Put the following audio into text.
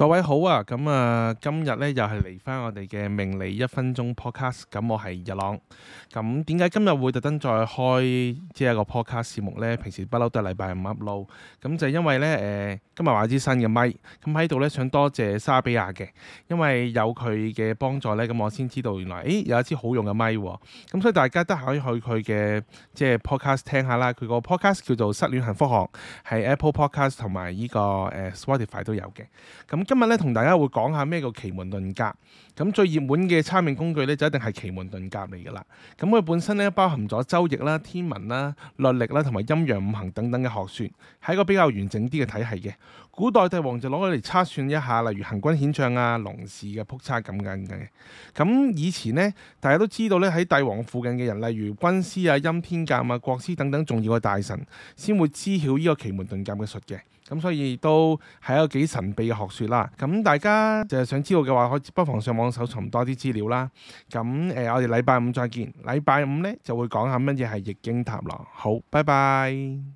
各位好啊，咁、嗯、啊，今日咧又係嚟翻我哋嘅命理一分鐘 podcast，咁、嗯、我係日朗，咁點解今日會特登再開即係一個 podcast 節目咧？平時不嬲都係禮拜五 upload，咁、嗯、就係、因為咧誒。呃今日買支新嘅咪，咁喺度咧想多謝莎比亞嘅，因為有佢嘅幫助咧，咁我先知道原來，誒、哎、有一支好用嘅咪喎。咁所以大家都可以去佢嘅即係 podcast 聽下啦。佢個 podcast 叫做失行行《失戀幸福學》，喺 Apple Podcast 同埋呢個誒 Spotify 都有嘅。咁今日咧同大家會講下咩叫奇門遁甲。咁最熱門嘅測命工具咧就一定係奇門遁甲嚟噶啦。咁佢本身咧包含咗周易啦、天文啦、律曆啦同埋陰陽五行等等嘅學說，係一個比較完整啲嘅體系嘅。古代帝王就攞佢嚟測算一下，例如行軍遣將啊、農事嘅卜測咁嘅咁嘅。咁以前呢，大家都知道咧喺帝王附近嘅人，例如軍師啊、陰天鑒啊、國師等等重要嘅大臣，先會知曉呢個奇門遁甲嘅術嘅。咁所以都係一個幾神秘嘅學說啦。咁大家就係想知道嘅話，可不妨上網搜尋多啲資料啦。咁誒，我哋禮拜五再見。禮拜五咧就會講下乜嘢係易經塔羅。好，拜拜。